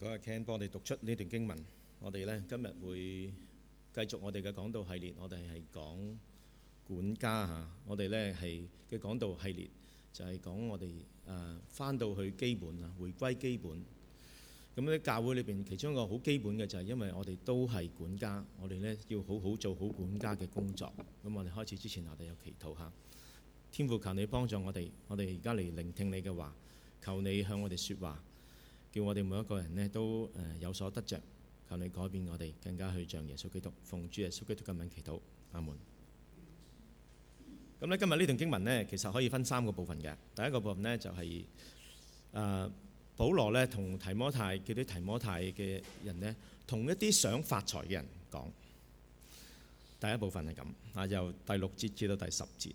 嗰個 Ken 幫我哋讀出呢段經文。我哋咧今日會繼續我哋嘅講道系列。我哋係講管家嚇。我哋咧係嘅講道系列就係、是、講我哋誒翻到去基本啊，回歸基本。咁喺教會裏邊其中一個好基本嘅就係因為我哋都係管家，我哋咧要好好做好管家嘅工作。咁我哋開始之前，我哋有祈禱嚇。天父，求你幫助我哋，我哋而家嚟聆聽你嘅話。求你向我哋説話。叫我哋每一個人咧都誒有所得着，求你改變我哋，更加去像耶穌基督，奉主耶穌基督嘅名祈禱，阿門。咁咧今日呢段經文呢，其實可以分三個部分嘅。第一個部分呢、就係，就係誒保羅咧同提摩太，叫啲提摩太嘅人呢，同一啲想發財嘅人講。第一部分係咁，啊由第六節至到第十節，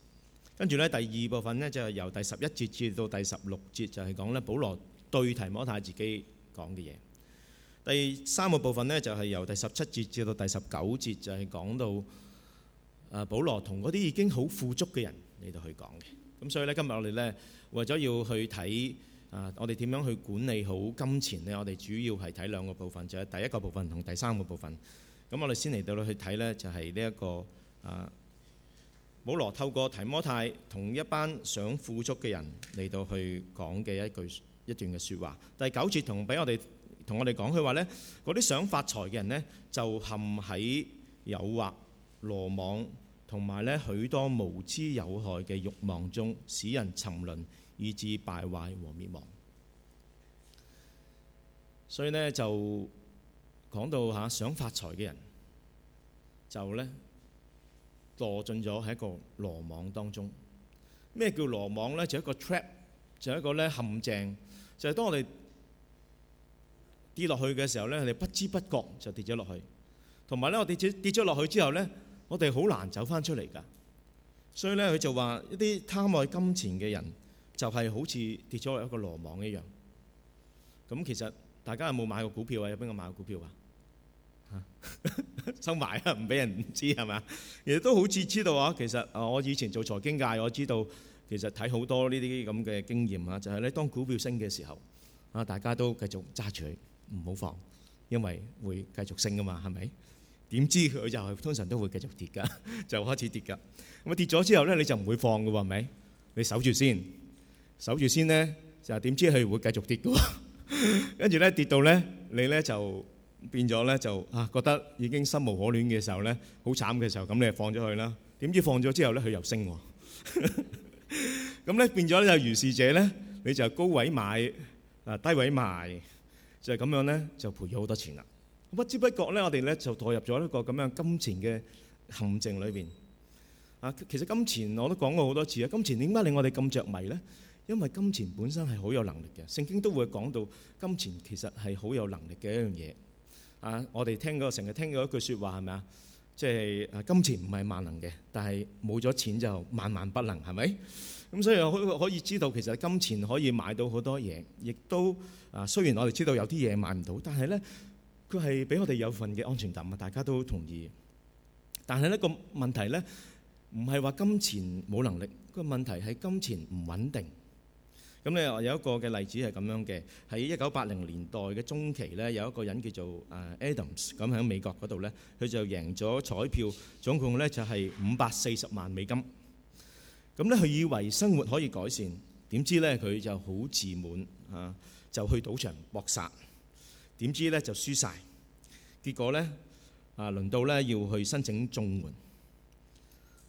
跟住咧第二部分呢，就係由第十一節至到第十六節，就係講咧保羅。對提摩太自己講嘅嘢。第三個部分呢，就係由第十七節至到第十九節，就係講到啊，保羅同嗰啲已經好富足嘅人嚟到去講嘅。咁所以呢，今日我哋呢為咗要去睇啊，我哋點樣去管理好金錢呢？我哋主要係睇兩個部分，就係第一個部分同第三個部分。咁我哋先嚟到去睇呢，就係呢一個啊，保羅透過提摩太同一班想富足嘅人嚟到去講嘅一句。一段嘅説話，第九節同俾我哋同我哋講，佢話呢，嗰啲想發財嘅人呢，就陷喺誘惑、羅網同埋呢許多無知有害嘅慾望中，使人沉淪，以致敗壞和滅亡。所以呢，就講到嚇、啊、想發財嘅人，就呢墮進咗喺一個羅網當中。咩叫羅網呢？就一個 trap，就一個呢陷阱。就係當我哋跌落去嘅時候咧，佢哋不知不覺就跌咗落去。同埋咧，我哋跌咗跌咗落去之後咧，我哋好難走翻出嚟㗎。所以咧，佢就話一啲貪愛金錢嘅人，就係好似跌咗落一個羅網一樣。咁其實大家有冇買過股票啊？有邊個買過股票啊？ 收埋啊，唔俾人知係嘛？其實都好似知道啊。其實啊，我以前做財經界，我知道。其實睇好多呢啲咁嘅經驗啊，就係咧，當股票升嘅時候，啊，大家都繼續揸住佢唔好放，因為會繼續升啊嘛，係咪？點知佢就係通常都會繼續跌㗎，就開始跌㗎。咁啊跌咗之後咧，你就唔會放㗎喎，係咪？你守住先，守住先咧，就點知佢會繼續跌㗎。跟住咧跌到咧，你咧就變咗咧就啊覺得已經心無可戀嘅時候咧，好慘嘅時候，咁你就放咗佢啦。點知放咗之後咧，佢又升。咁咧變咗就如是者咧，你就高位買啊，低位賣就係咁樣咧，就賠咗好多錢啦。咁不知不覺咧，我哋咧就墮入咗一個咁樣金錢嘅陷阱裏邊啊。其實金錢我都講過好多次啊。金錢點解令我哋咁著迷咧？因為金錢本身係好有能力嘅。聖經都會講到金錢其實係好有能力嘅一樣嘢啊。我哋聽過成日聽過一句説話係咪啊？即係啊，金錢唔係萬能嘅，但係冇咗錢就萬萬不能係咪？咁所以我可以知道，其實金錢可以買到好多嘢，亦都啊，雖然我哋知道有啲嘢買唔到，但係咧，佢係俾我哋有份嘅安全感啊！大家都同意。但係咧個問題咧，唔係話金錢冇能力，個問題係金錢唔穩定。咁咧有一個嘅例子係咁樣嘅，喺一九八零年代嘅中期咧，有一個人叫做啊 Adams，咁喺美國嗰度咧，佢就贏咗彩票，總共咧就係五百四十萬美金。咁咧，佢以為生活可以改善，點知咧佢就好自滿啊，就去賭場搏殺，點知咧就輸晒，結果咧啊，輪到咧要去申請綜援。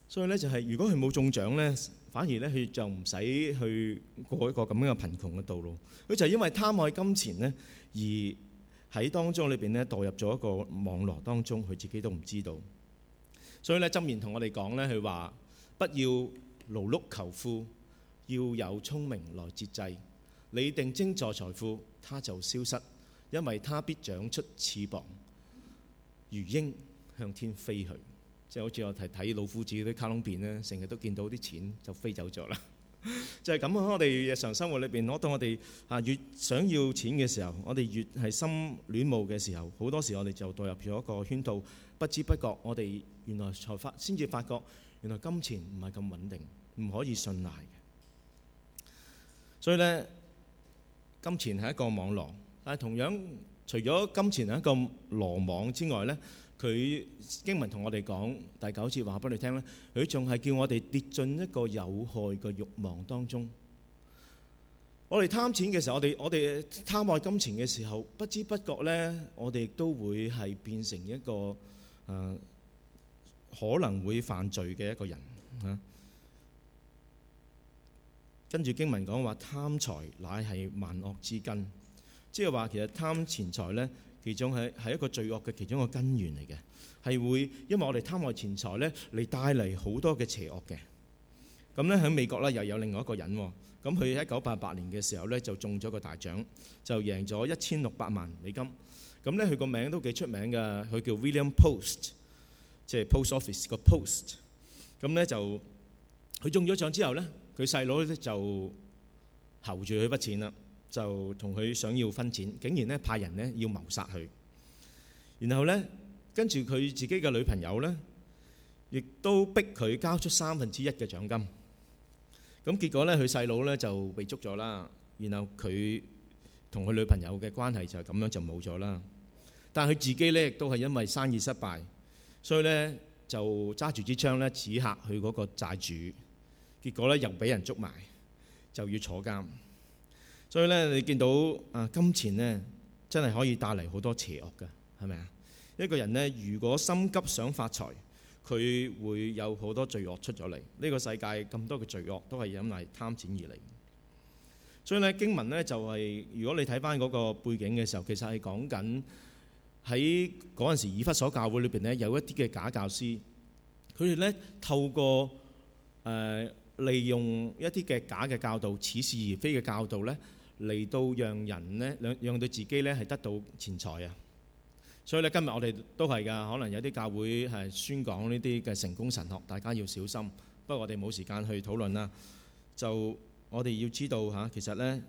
所以咧就係，如果佢冇中獎咧，反而咧佢就唔使去過一個咁樣嘅貧窮嘅道路。佢就係因為貪愛金錢咧，而喺當中裏邊咧墮入咗一個網絡當中，佢自己都唔知道。所以咧，箴言同我哋講咧，佢話不要。勞碌求富，要有聰明來節制。你定睛在財富，它就消失，因為它必長出翅膀，如鷹向天飛去。即係好似我睇睇《老夫子》啲卡通片咧，成日都見到啲錢就飛走咗啦。 就係咁啊！我哋日常生活裏邊，到我當我哋啊越想要錢嘅時候，我哋越係心戀慕嘅時候，好多時候我哋就墮入咗一個圈套，不知不覺我哋原來才發先至發覺。原來金錢唔係咁穩定，唔可以信賴嘅。所以咧，金錢係一個網羅，但係同樣除咗金錢係一個羅網之外咧，佢經文同我哋講第九節話俾你聽咧，佢仲係叫我哋跌進一個有害嘅慾望當中。我哋貪錢嘅時候，我哋我哋貪愛金錢嘅時候，不知不覺咧，我哋都會係變成一個誒。可能會犯罪嘅一個人嚇、啊，跟住經文講話貪財乃係萬惡之根，即係話其實貪錢財咧，其中係係一個罪惡嘅其中一個根源嚟嘅，係會因為我哋貪愛錢財咧，嚟帶嚟好多嘅邪惡嘅。咁咧喺美國咧又有另外一個人、哦，咁佢喺一九八八年嘅時候咧就中咗個大獎，就贏咗一千六百萬美金。咁咧佢個名都幾出名㗎，佢叫 William Post。即係 post office 個 post 咁咧，就佢中咗獎之後咧，佢細佬咧就睺住佢筆錢啦，就同佢想要分錢，竟然咧派人咧要謀殺佢。然後咧跟住佢自己嘅女朋友咧，亦都逼佢交出三分之一嘅獎金。咁結果咧，佢細佬咧就被捉咗啦。然後佢同佢女朋友嘅關係就咁樣就冇咗啦。但係佢自己咧亦都係因為生意失敗。所以咧就揸住支槍咧指嚇佢嗰個債主，結果咧又俾人捉埋，就要坐監。所以咧你見到啊金錢咧真係可以帶嚟好多邪惡噶，係咪啊？一個人咧如果心急想發財，佢會有好多罪惡出咗嚟。呢個世界咁多嘅罪惡都係因為貪錢而嚟。所以咧經文咧就係如果你睇翻嗰個背景嘅時候，其實係講緊。喺嗰陣時，以弗所教會裏邊咧，有一啲嘅假教師，佢哋咧透過誒、呃、利用一啲嘅假嘅教導，似是而非嘅教導咧，嚟到讓人咧讓讓到自己咧係得到錢財啊！所以咧，今日我哋都係㗎，可能有啲教會係宣講呢啲嘅成功神學，大家要小心。不過我哋冇時間去討論啦。就我哋要知道吓，其實咧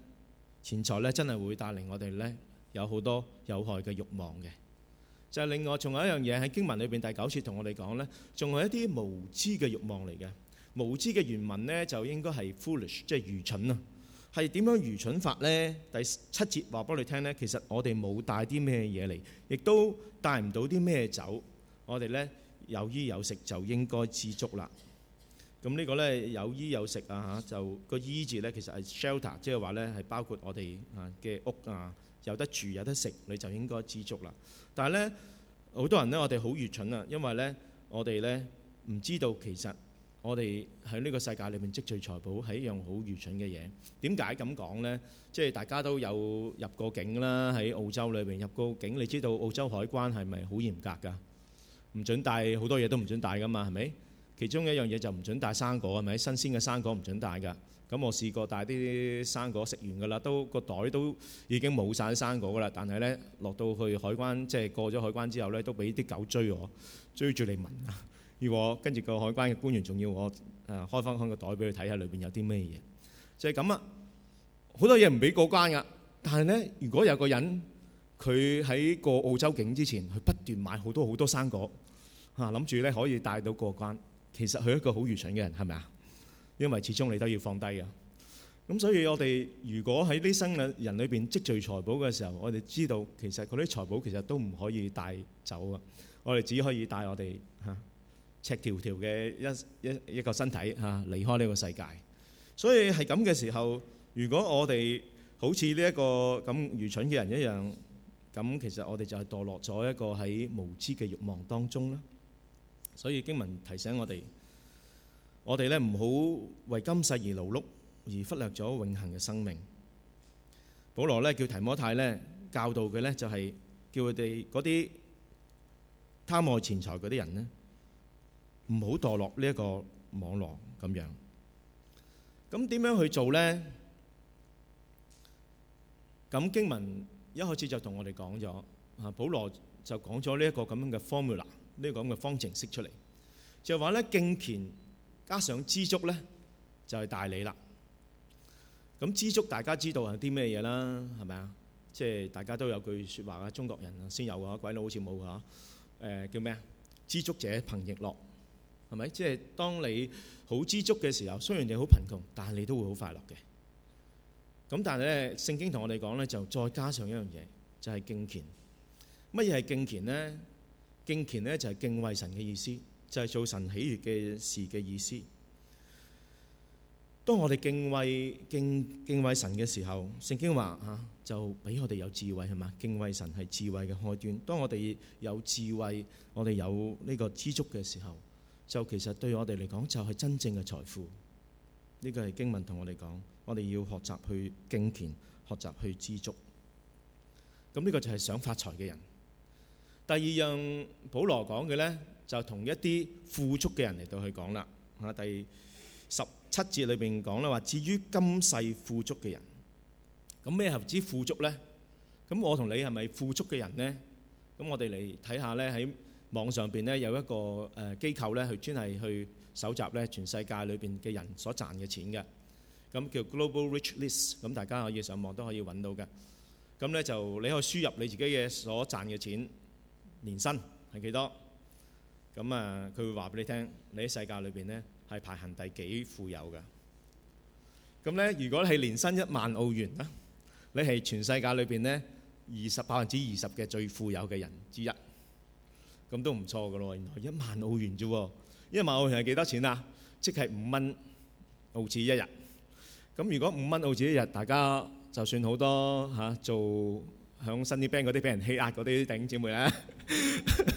錢財咧真係會帶嚟我哋咧有好多有害嘅慾望嘅。就另外仲有一樣嘢喺經文裏邊第九節同我哋講呢，仲係一啲無知嘅慾望嚟嘅。無知嘅原文呢，就應該係 foolish，即係愚蠢啊。係點樣愚蠢法呢？第七節話俾你聽呢，其實我哋冇帶啲咩嘢嚟，亦都帶唔到啲咩酒。我哋呢，有衣有食就應該知足啦。咁呢個呢，有衣有食啊嚇，就個衣字呢，其實係 shelter，即係話呢，係包括我哋啊嘅屋啊。有得住有得食你就應該知足啦。但係呢，好多人呢，我哋好愚蠢啊！因為呢，我哋呢，唔知道其實我哋喺呢個世界裏面積聚財寶係一樣好愚蠢嘅嘢。點解咁講呢？即係大家都有入過境啦，喺澳洲裏面入過境，你知道澳洲海關係咪好嚴格㗎？唔准帶好多嘢都唔准帶㗎嘛，係咪？其中一樣嘢就唔准帶生果，係咪？新鮮嘅生果唔准帶㗎。咁我試過帶啲生果食完噶啦，都個袋都已經冇晒啲生果噶啦。但係咧，落到去海關，即係過咗海關之後咧，都俾啲狗追我，追住嚟聞啊！如果跟住個海關嘅官員，仲要我誒開翻開個袋俾佢睇下裏邊有啲咩嘢，就係咁啊！好多嘢唔俾過關噶。但係咧，如果有個人佢喺過澳洲境之前，佢不斷買好多好多生果吓，諗住咧可以帶到過關。其實佢係一個好愚蠢嘅人，係咪啊？因為始終你都要放低啊，咁所以我哋如果喺呢生嘅人裏面積聚財寶嘅時候，我哋知道其實嗰啲財寶其實都唔可以帶走啊，我哋只可以帶我哋吓，赤條條嘅一一一個身體吓離開呢個世界。所以係咁嘅時候，如果我哋好似呢一個咁愚蠢嘅人一樣，咁其實我哋就係墮落咗一個喺無知嘅欲望當中啦。所以經文提醒我哋。我哋咧唔好為今世而勞碌，而忽略咗永恆嘅生命。保羅咧叫提摩太咧教導佢咧，就係叫佢哋嗰啲貪愛錢財嗰啲人咧，唔好墮落呢一個網絡咁樣。咁點樣去做咧？咁經文一開始就同我哋講咗啊，保羅就講咗呢一個咁樣嘅 formula，呢個咁嘅方程式出嚟，就話咧敬虔。加上知足咧，就係、是、大利啦。咁知足大家知道係啲咩嘢啦？係咪啊？即係大家都有句說話啊，中國人啊先有嘅，鬼佬好似冇嘅。誒叫咩啊？知足者貧亦樂，係咪？即係當你好知足嘅時候，雖然你好貧窮，但係你都會好快樂嘅。咁但係咧，聖經同我哋講咧，就再加上一樣嘢，就係、是、敬虔。乜嘢係敬虔咧？敬虔咧就係敬畏神嘅意思。就係做神喜悅嘅事嘅意思。當我哋敬畏敬敬畏神嘅時候，聖經話吓就俾我哋有智慧係嘛？敬畏神係、啊、智慧嘅開端。當我哋有智慧，我哋有呢個知足嘅時候，就其實對我哋嚟講就係真正嘅財富。呢、這個係經文同我哋講，我哋要學習去敬虔，學習去知足。咁呢個就係想發財嘅人。第二樣，保羅講嘅呢。就同一啲富足嘅人嚟到去講啦。啊，第十七節裏邊講啦，話至於今世富足嘅人，咁咩係指富足咧？咁我同你係咪富足嘅人咧？咁我哋嚟睇下咧，喺網上邊咧有一個誒機構咧，係專係去蒐集咧全世界裏邊嘅人所賺嘅錢嘅。咁叫 Global Rich List，咁大家可以上網都可以揾到嘅。咁咧就你可以輸入你自己嘅所賺嘅錢年薪係幾多？咁啊，佢會話俾你聽，你喺世界裏邊咧係排行第幾富有噶？咁咧，如果係年薪一萬澳元啦，你係全世界裏邊咧二十百分之二十嘅最富有嘅人之一，咁都唔錯噶咯。原來一萬澳元啫，一萬澳元係幾多錢啊？即係五蚊澳紙一日。咁如果五蚊澳紙一日，大家就算好多嚇、啊、做響新啲 band 嗰啲俾人欺壓嗰啲頂姐妹咧。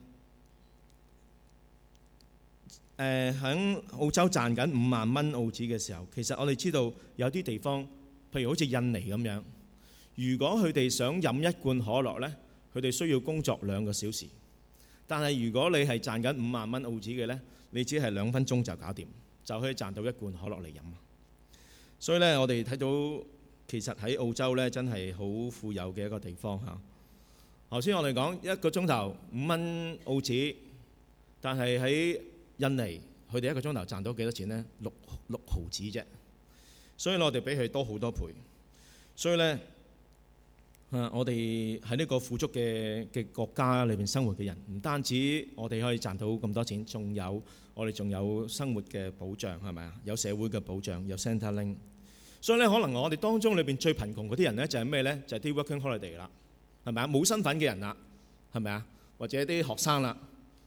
誒喺澳洲賺緊五萬蚊澳紙嘅時候，其實我哋知道有啲地方，譬如好似印尼咁樣，如果佢哋想飲一罐可樂呢，佢哋需要工作兩個小時。但係如果你係賺緊五萬蚊澳紙嘅呢，你只係兩分鐘就搞掂，就可以賺到一罐可樂嚟飲。所以呢，我哋睇到其實喺澳洲呢，真係好富有嘅一個地方吓。頭先我哋講一個鐘頭五蚊澳紙，但係喺印尼佢哋一個鐘頭賺到幾多錢咧？六六毫子啫，所以我哋比佢多好多倍。所以咧，啊，我哋喺呢個富足嘅嘅國家裏邊生活嘅人，唔單止我哋可以賺到咁多錢，仲有我哋仲有生活嘅保障係咪啊？有社會嘅保障，有 Centrelink。所以咧，可能我哋當中裏邊最貧窮嗰啲人咧就係咩咧？就係啲 working holiday 啦，係咪啊？冇身份嘅人啦，係咪啊？或者啲學生啦。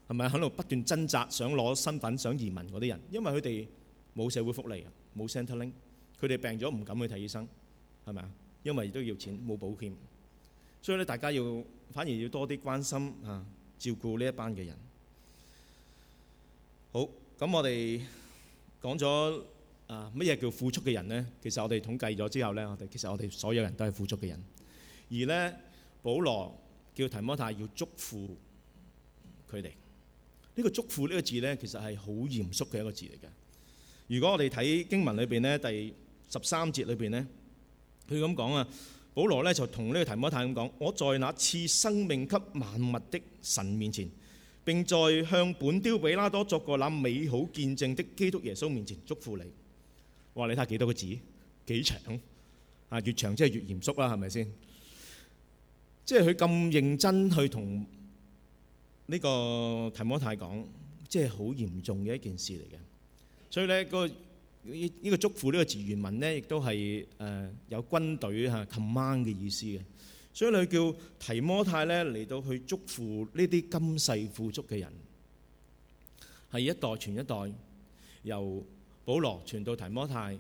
係咪喺度不斷掙扎想攞身份、想移民嗰啲人？因為佢哋冇社會福利啊，冇 Centrelink，佢哋病咗唔敢去睇醫生，係咪啊？因為都要錢，冇保險，所以咧，大家要反而要多啲關心啊，照顧呢一班嘅人。好，咁我哋講咗啊乜嘢叫富足嘅人咧？其實我哋統計咗之後咧，我哋其實我哋所有人都係富足嘅人。而咧，保羅叫提摩太要祝福佢哋。呢個囑咐呢個字呢，其實係好嚴肅嘅一個字嚟嘅。如果我哋睇經文裏邊呢，第十三節裏邊呢，佢咁講啊，保羅呢，就同呢個提摩太咁講：我在那賜生命給萬物的神面前，並在向本丟彼拉多作過那美好見證的基督耶穌面前囑咐你。哇！你睇下幾多個字，幾長啊？越長即係越嚴肅啦，係咪先？即係佢咁認真去同呢個提摩太講，即係好嚴重嘅一件事嚟嘅。所以咧，這個呢呢、這個祝福呢個字原文咧，亦都係誒、呃、有軍隊嚇 command 嘅意思嘅。所以佢叫提摩太咧嚟到去祝福呢啲今世富足嘅人，係一代傳一代，由保羅傳到提摩太，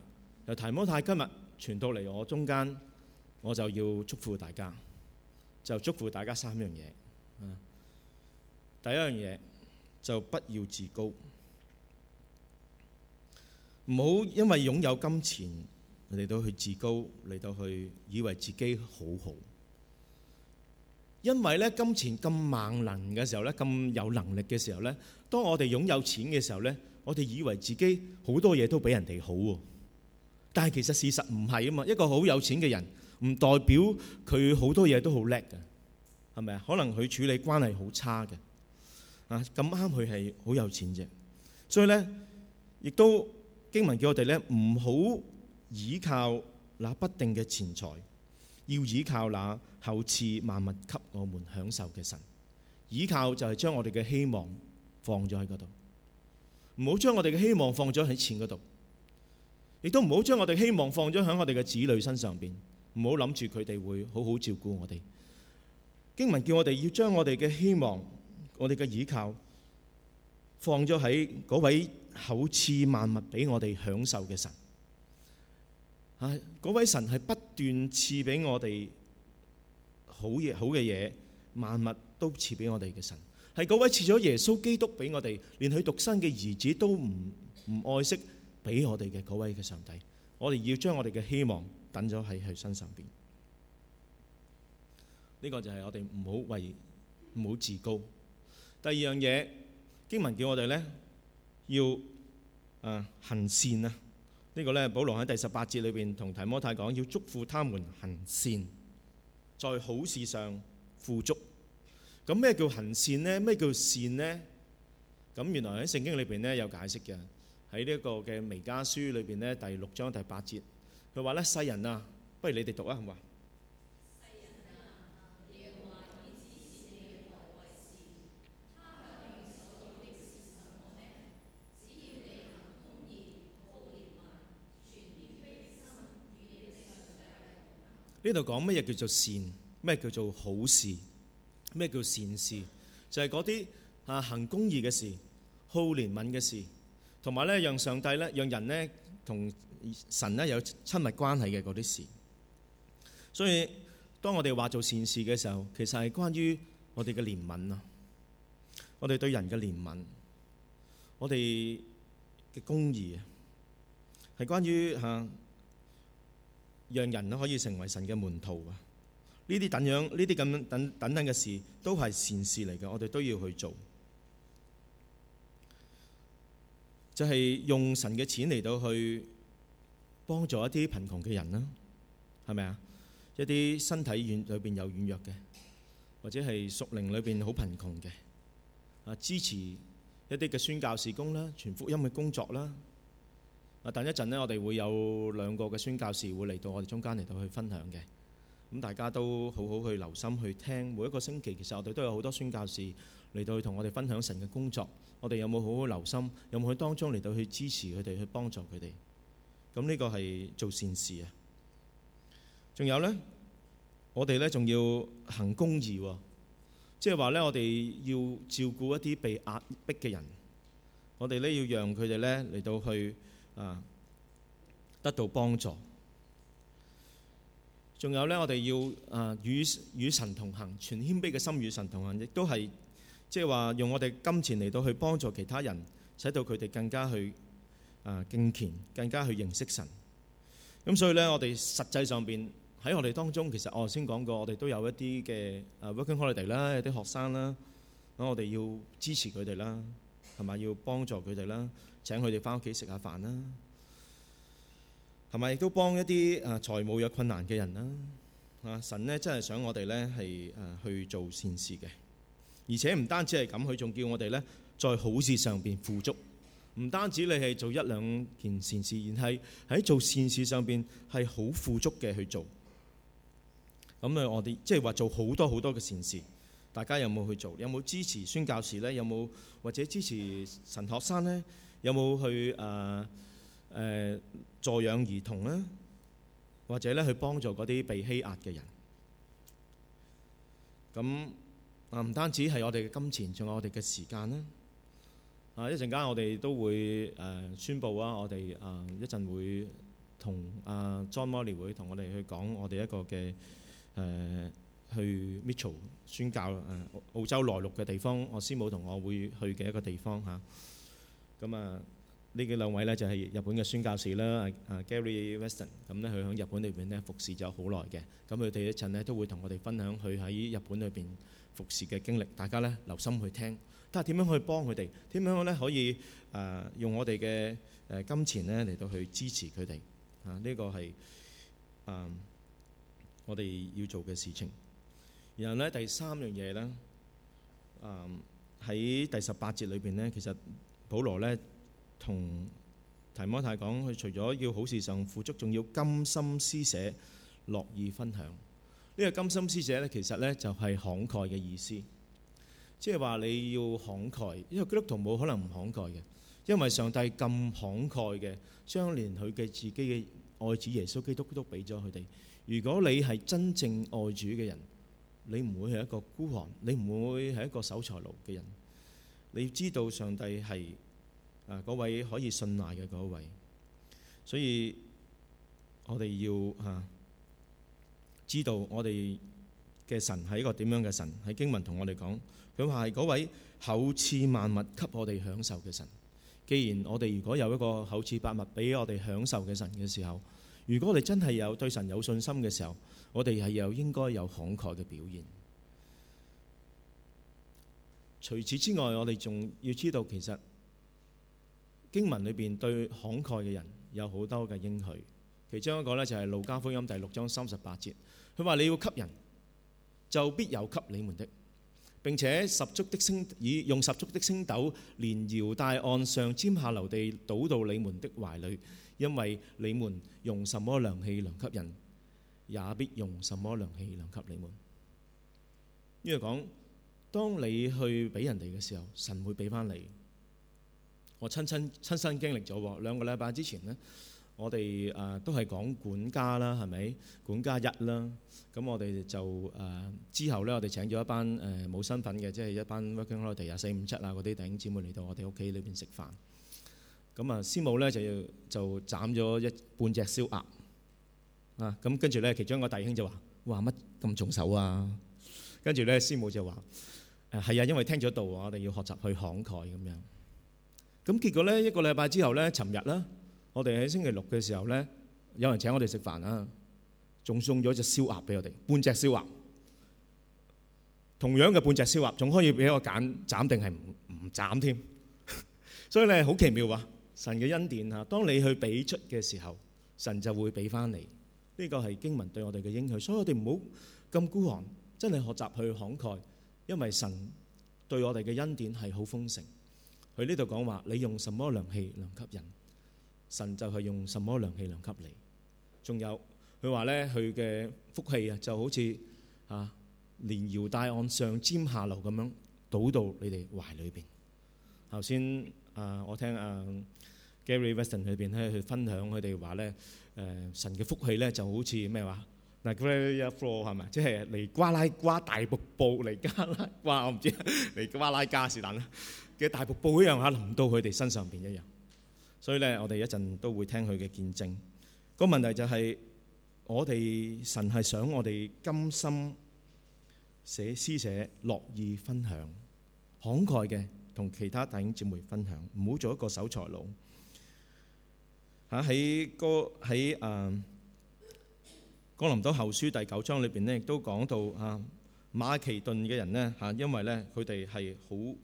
由提摩太今日傳到嚟我中間，我就要祝福大家，就祝福大家三樣嘢。啊第一樣嘢就不要自高，唔好因為擁有金錢嚟到去自高，嚟到去以為自己好好。因為咧金錢咁萬能嘅時候咧，咁有能力嘅時候咧，當我哋擁有錢嘅時候咧，我哋以為自己好多嘢都比人哋好。但係其實事實唔係啊嘛，一個好有錢嘅人唔代表佢好多嘢都好叻嘅，係咪啊？可能佢處理關係好差嘅。啊，咁啱佢係好有錢啫，所以咧亦都經文叫我哋咧唔好倚靠那不定嘅錢財，要倚靠那厚賜萬物給我們享受嘅神。倚靠就係將我哋嘅希望放咗喺嗰度，唔好將我哋嘅希望放咗喺錢嗰度，亦都唔好將我哋希望放咗喺我哋嘅子女身上面。唔好諗住佢哋會好好照顧我哋。經文叫我哋要將我哋嘅希望，我哋嘅依靠放咗喺嗰位厚賜萬物俾我哋享受嘅神，啊嗰位神係不斷賜俾我哋好嘢好嘅嘢，萬物都賜俾我哋嘅神，係嗰位賜咗耶穌基督俾我哋，連佢獨生嘅兒子都唔唔愛惜俾我哋嘅嗰位嘅上帝，我哋要將我哋嘅希望等咗喺佢身上邊，呢個就係我哋唔好為，唔好自高。第二樣嘢，經文叫我哋咧要誒、啊、行善啊！這個、呢個咧，保羅喺第十八節裏邊同提摩太講，要祝福他們行善，在好事上富足。咁咩叫行善呢？咩叫善呢？咁原來喺聖經裏邊咧有解釋嘅，喺呢一個嘅《彌迦書》裏邊咧第六章第八節，佢話咧世人啊，不如你哋讀啊，係嘛。呢度講乜嘢叫做善？咩叫做好事？咩叫善事？就係嗰啲啊行公義嘅事，好憐憫嘅事，同埋咧讓上帝咧，讓人咧同神咧有親密關係嘅嗰啲事。所以當我哋話做善事嘅時候，其實係關於我哋嘅憐憫啊，我哋對人嘅憐憫，我哋嘅公義啊係關於吓。讓人都可以成為神嘅門徒啊！呢啲咁樣，呢啲咁樣等等等嘅事，都係善事嚟嘅，我哋都要去做。就係用神嘅錢嚟到去幫助一啲貧窮嘅人啦，係咪啊？一啲身體軟裏邊有軟弱嘅，或者係屬靈裏邊好貧窮嘅，啊，支持一啲嘅宣教事工啦，傳福音嘅工作啦。等一陣呢，我哋會有兩個嘅宣教士會嚟到我哋中間嚟到去分享嘅。咁大家都好好去留心去聽。每一個星期，其實我哋都有好多宣教士嚟到去同我哋分享神嘅工作。我哋有冇好好留心？有冇去當中嚟到去支持佢哋去幫助佢哋？咁呢個係做善事啊！仲有呢，我哋呢仲要行公義喎，即係話呢，我哋要照顧一啲被壓迫嘅人。我哋呢要讓佢哋呢嚟到去。啊，得到幫助，仲有咧，我哋要啊與與神同行，全謙卑嘅心與神同行，亦都係即係話用我哋金錢嚟到去幫助其他人，使到佢哋更加去啊敬虔，更加去認識神。咁所以咧，我哋實際上面喺我哋當中，其實我頭先講過，我哋都有一啲嘅 working holiday 啦，有啲學生啦，咁我哋要支持佢哋啦，同埋要幫助佢哋啦。請佢哋翻屋企食下飯啦，係咪亦都幫一啲啊財務有困難嘅人啦？啊，神呢，真係想我哋呢係啊去做善事嘅，而且唔單止係咁，佢仲叫我哋呢在好事上邊富足，唔單止你係做一兩件善事，而係喺做善事上邊係好富足嘅去做。咁啊，我哋即係話做好多好多嘅善事，大家有冇去做？有冇支持宣教士呢？有冇或者支持神學生呢？有冇去誒誒、呃呃、助養兒童咧，或者咧去幫助嗰啲被欺壓嘅人？咁啊，唔、呃、單止係我哋嘅金錢，仲有我哋嘅時間啦。啊、呃，一陣間我哋都會誒、呃、宣佈啊，我哋啊、呃、一陣會同啊、呃、John Moore 會同我哋去講我哋一個嘅誒、呃、去 Mitchell 宣教誒、呃、澳洲內陸嘅地方，我師母同我會去嘅一個地方嚇。啊。咁啊，呢幾兩位咧就係日本嘅孫教士啦，啊啊 Gary Weston 咁咧，佢喺日本裏邊咧服侍咗好耐嘅。咁佢哋一陣咧都會同我哋分享佢喺日本裏邊服侍嘅經歷，大家咧留心去聽。睇下點樣去幫佢哋？點樣咧可以誒用我哋嘅誒金錢咧嚟到去支持佢哋啊？呢個係啊，我哋要做嘅事情。然後咧，第三樣嘢咧，啊喺第十八節裏邊咧，其實。保羅咧同提摩太講，佢除咗要好事上富足，仲要甘心施捨，樂意分享。呢、呢個甘心施捨，咧，其實呢就係、係、慷慨嘅意思，即係話你要慷慨。因為基督徒冇可能唔慷慨嘅，因為上帝咁慷慨嘅，將連佢嘅自己嘅愛子耶穌基督都俾咗佢哋。如果你係真正愛主嘅人，你唔會係一個孤寒，你唔會係一個守財奴嘅人。你知道上帝係啊嗰位可以信賴嘅嗰位，所以我哋要嚇、啊、知道我哋嘅神係一個點樣嘅神。喺經文同我哋講，佢話係嗰位厚賜萬物給我哋享受嘅神。既然我哋如果有一個厚賜百物俾我哋享受嘅神嘅時候，如果我哋真係有對神有信心嘅時候，我哋係有應該有慷慨嘅表現。除此之外，我哋仲要知道，其實經文裏邊對慷慨嘅人有好多嘅應許。其中一個呢就係路加福音第六章三十八節，佢話：你要給人，就必有給你們的；並且十足的升以用十足的升斗，連搖帶按，上尖下流地倒到你們的懷裏，因為你們用什麼量器量給人，也必用什麼量器量給你們。呢個講。當你去俾人哋嘅時候，神會俾翻你。我親親親身經歷咗喎，兩個禮拜之前咧，我哋誒、呃、都係講管家啦，係咪？管家一啦，咁我哋就誒、呃、之後咧，我哋請咗一班誒冇身份嘅，即係一班 working holiday 啊、四五七啊嗰啲弟兄姊妹嚟到我哋屋企裏邊食飯。咁啊，師母咧就要就斬咗一半隻燒鴨啊，咁跟住咧，其中一個弟兄就話：話乜咁重手啊？跟住咧，師母就話。係啊，因為聽咗道我哋要學習去慷慨咁樣。咁結果咧，一個禮拜之後咧，尋日啦，我哋喺星期六嘅時候咧，有人請我哋食飯啦，仲送咗隻燒鴨俾我哋，半隻燒鴨。同樣嘅半隻燒鴨，仲可以俾我揀斬定係唔唔斬添。斬斬 所以咧，好奇妙啊！神嘅恩典啊，當你去俾出嘅時候，神就會俾翻你。呢、這個係經文對我哋嘅應許，所以我哋唔好咁孤寒，真係學習去慷慨。因為神對我哋嘅恩典係好豐盛，佢呢度講話你用什麼量器量俾人，神就係用什麼量器量俾你。仲有佢話咧，佢嘅福氣啊就好似啊連搖帶按、上尖下流咁樣倒到你哋懷裏邊。頭先啊，我聽啊 Gary Weston 裏邊咧去分享佢哋話咧，誒神嘅福氣咧就好似咩話？嗱，一 four 係咪？即係嚟瓜拉瓜大瀑布嚟？瓜拉瓜我唔知，嚟瓜拉加是但啦。嘅大瀑布一樣嚇，淋到佢哋身上邊一樣。所以咧，我哋一陣都會聽佢嘅見證。個問題就係我哋神係想我哋甘心寫詩社，樂意分享慷慨嘅，同其他弟兄姊妹分享，唔好做一個守財佬嚇。喺嗰喺啊～《哥林多後書》第九章裏邊咧，亦都講到啊，馬其頓嘅人咧嚇，因為咧佢哋係好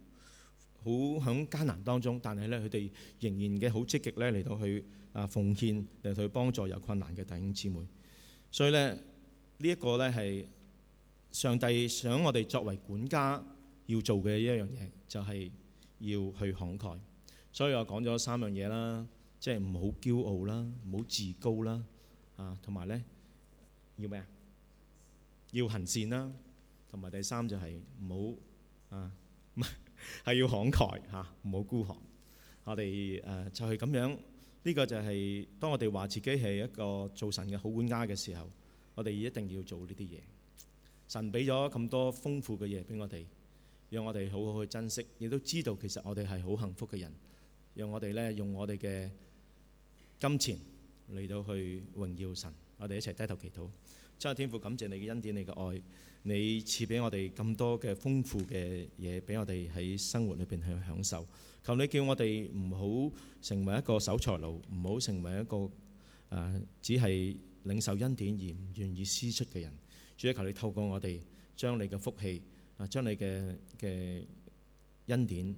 好喺艱難當中，但係咧佢哋仍然嘅好積極咧嚟到去啊奉獻嚟到去幫助有困難嘅弟兄姊妹。所以咧呢一個咧係上帝想我哋作為管家要做嘅一樣嘢，就係要去慷慨。所以我講咗三樣嘢啦，即係唔好驕傲啦，唔好自高啦，啊，同埋咧。要咩啊？要行善啦、啊，同埋第三就係唔好啊，係要慷慨吓，唔好孤寒。我哋誒、呃、就係、是、咁樣，呢、這個就係、是、當我哋話自己係一個做神嘅好管家嘅時候，我哋一定要做呢啲嘢。神俾咗咁多豐富嘅嘢俾我哋，讓我哋好好去珍惜。亦都知道其實我哋係好幸福嘅人，讓我哋咧用我哋嘅金錢嚟到去榮耀神。我哋一齊低頭祈禱，真係天父，感謝你嘅恩典，你嘅愛，你賜俾我哋咁多嘅豐富嘅嘢俾我哋喺生活裏邊去享受。求你叫我哋唔好成為一個守財奴，唔好成為一個誒只係領受恩典而唔願意施出嘅人。主啊，求你透過我哋將你嘅福氣啊，將你嘅嘅恩典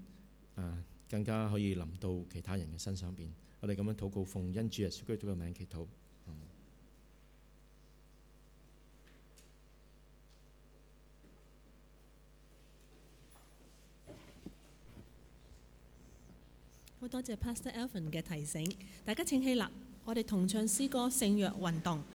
啊，更加可以臨到其他人嘅身上邊。我哋咁樣禱告奉恩主耶穌基督嘅名祈禱。好多謝 Pastor Alvin 嘅提醒，大家請起立，我哋同唱詩歌《聖約運動》。